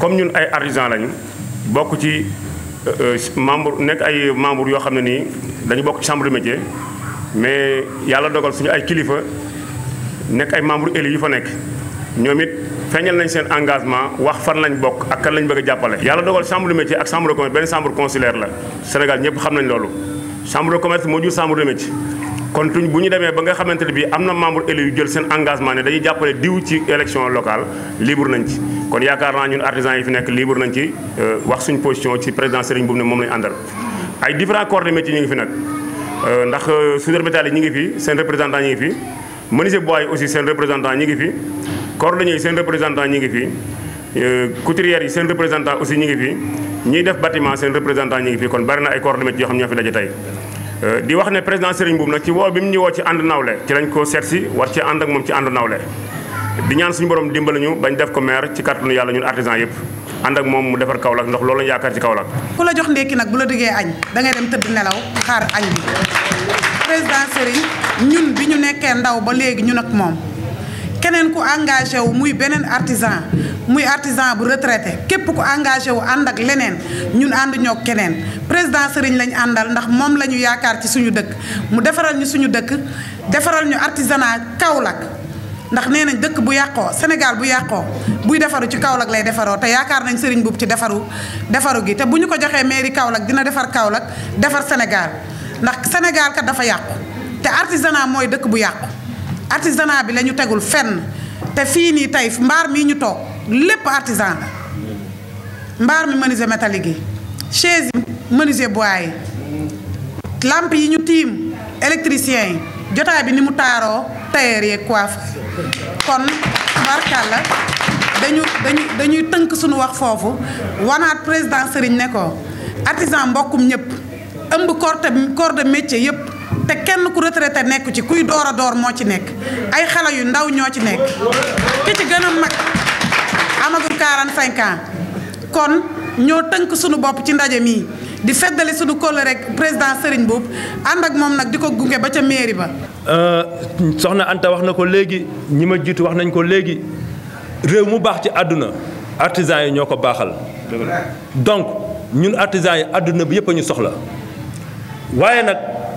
comme ñun ay artisans lañu bokk ci euh, euh, membre nekk ay membre yoo xam ne nii dañu bokk ci chambre de métier mais yàlla dogal suñu ay kilifa nekk ay membre éli yu fa nekk ñoom it feeñal nañ seen engagement wax fan lañ bokk ak kan lañ bëgg a jàppale. yàlla dogal chambre de métier ak chambre de commerce benn chambre consulaire la Sénégal ñëpp xam nañ loolu chambre de commerce moo jur chambre de métier. kon tuñ bu ñu demee ba nga xamante ne bii am na membre élu yu jël seen engagement ne dañuy jàppale diw ci élection locale libre nañ ci kon yaakaar naa ñun artisans yi fi nekk libre nañ ci euh, wax suñ position ci président Serigne boobu ne moom lañu àndal ay différents corps de métier ñu ngi fi nag euh, ndax euh, soudeur métal yi ñu ngi fi seen représentant ñu ngi fi menuisier bois yi aussi seen représentant ñu ngi fi cordonnier yi seen représentant ñu ngi fi aussi ñu ngi fi ñiy def bâtiment seen représentant ñu ngi fi kon bari tey Euh, di wax ne président Serigne Boum nag ci woo bi mu ñu woo ci ànd nawle ci lañ ko seet si war ci ànd ak moom ci ànd nawle di ñaan suñu borom dimbali ñu bañ def ko maire ci kàttanu yàlla ñun artisan yëpp ànd ak moom mu defar Kaolack ndax loolu lañ yaakaar ci Kaolack. ku la jox ndékki nag bu la diggee añ da ngay dem tëdd nelaw xaar añ bi président Serigne ñun bi ñu nekkee ndaw ba léegi ñun ak moom. keneen ku engagé wu muy beneen artisan muy artisan bu retraité képp ku engagé wu ànd ak leneen ñun ànduñoo ak keneen président Serigne lañ àndal ndax moom la ñu yaakaar ci suñu dëkk mu defaral ñu suñu dëkk defaral ñu artisanat Kaolack. ndax nee nañ dëkk bu yàqoo Sénégal bu yàqoo buy defaru ci Kaolack lay defaroo te yaakaar nañ sëriñ boobu ci defaru defaru gi te bu ñu ko joxee mairie Kaolack dina defar Kaolack defar Sénégal ndax Sénégal kat dafa yàqu te artisanat mooy dëkk bu yàqu artisanat bi la ñu tegul fenn te fii nii tey mbaar mii ñu toog lépp artisan la mbaar mi menuisier métallique yi chaise yi menuisier bois yi lampe yi ñu tiim électricien yi jotaay bi ni mu taaroo tailleur yeeg coiffe kon barkal la dañu dañuy tënk suñu wax foofu wanaat président Serigne ne ko artisan mbokkum ñëpp ëmb corps de corps de yëpp te kenn ku retraité nekk ci kuy door a door moo ci nekk ay xale yu ndaw ñoo ci nekk ki ci gën a mag amagul 45 ans kon ñoo tënk suñu bopp ci ndaje mi di feddali sunu kóllëre rek président Serigne Mboup ànd ak moom nag di ko gunge ba ca mairie ba. Euh, soxna Anta wax na ko léegi ñi ma jiitu wax nañ ko léegi réew mu baax ci àdduna artisans yi ñoo ko baaxal. donc ñun artisans yi àdduna bi yëpp a ñu soxla waaye nag.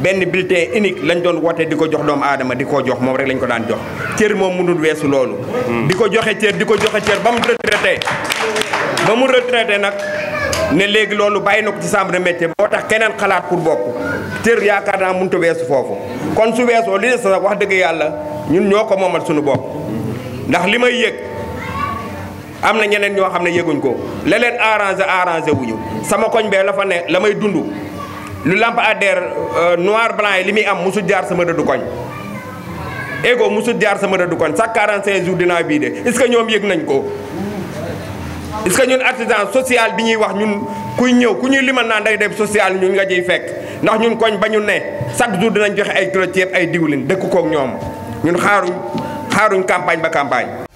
benn bulletin unique lañ doon woote di ko jox doomu aadama di ko jox moom rek lañ ko daan jox cër moom mënul weesu loolu. Hmm. di ko joxe cër di ko joxe cër ba mu retraité ba mu retraité nag. ne léegi loolu bàyyi na ko ci chambre de métier moo tax keneen xalaat pour bokk cër yaakaar naa mënut a weesu foofu kon su weesoo li des nag wax dëgg yàlla ñun ñoo ko moom at suñu bopp ndax li may yëg am na ñeneen ñoo xam ne yëguñ ko la leen arrangé wu ñu sama koñ bee la fa ne la may dund lu lampadaire euh, noir blanc yi li muy am musu jaar sama dëddu koñ ego musu jaar sama dëddu koñ chaque 45 jours dinaa bii de est-ce que ñoom yëg nañ ko est-ce ñun artisan social bi ñuy wax ñun kuy ñëw ku ñuy limal naan day def social ñun nga jiy fekk ndax ñun koñ ba ñu ne chaque jour dinañ joxe ay kilo ceeb ay diwlin dëkk kook ñoom ñun xaaruñ xaaruñ campagne ba campagne